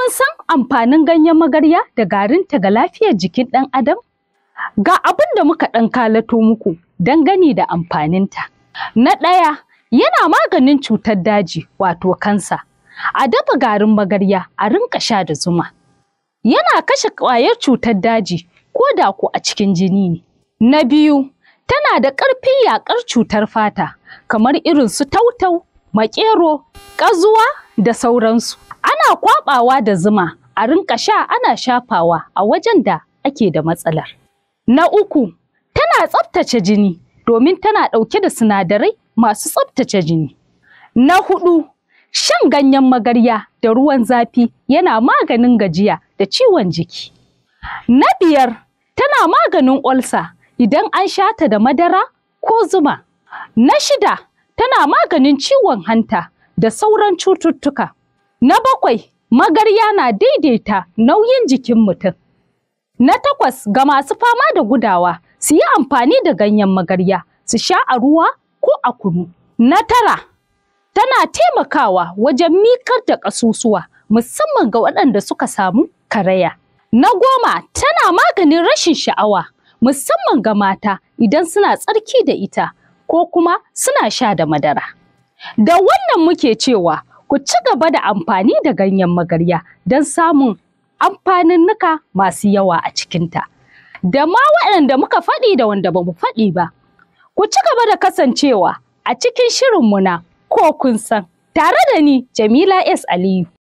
kun san amfanin ganyen magarya da garinta ga lafiyar jikin ɗan adam? Ga abin da muka ɗan kalato muku don gani da amfaninta. Na ɗaya yana maganin cutar daji wato kansa. A dafa garin magarya a rinka sha da zuma. Yana kashe ƙwayar cutar daji ko da ku a cikin jini ne. Na biyu tana da ƙarfin yaƙar cutar fata kamar irin su tautau, maƙero, ƙazuwa da sauransu. Ana kwabawa da zuma a rinka sha ana shafawa a wajen da ake da matsalar. Na uku, tana tsaftace jini domin tana ɗauke da sinadarai masu tsaftace jini. Na hudu, shan ganyen magarya da ruwan zafi yana maganin gajiya da ciwon jiki. Na biyar, tana maganin olsa idan an sha ta da madara ko zuma. Na shida, tana maganin ciwon hanta da sauran cututtuka. Na bakwai, magarya na daidaita nauyin jikin mutum. Na takwas, ga masu fama da gudawa, su yi amfani da ganyen magarya, su sha a ruwa ko a kunu. Na tara, tana taimakawa wajen mikar da ƙasusuwa, musamman ga waɗanda suka samu karaya. Na goma, tana maganin rashin sha'awa, musamman ga mata idan suna tsarki da ita ko kuma suna sha da madara. Da wannan muke cewa Ku ci gaba da amfani da ganyen magarya don samun amfanin nuka masu yawa a cikinta. Da ma waɗanda muka faɗi da wanda ba mu faɗi ba. Ku ci gaba da kasancewa a cikin shirinmu na ko kun san tare da ni Jamila S. Aliyu.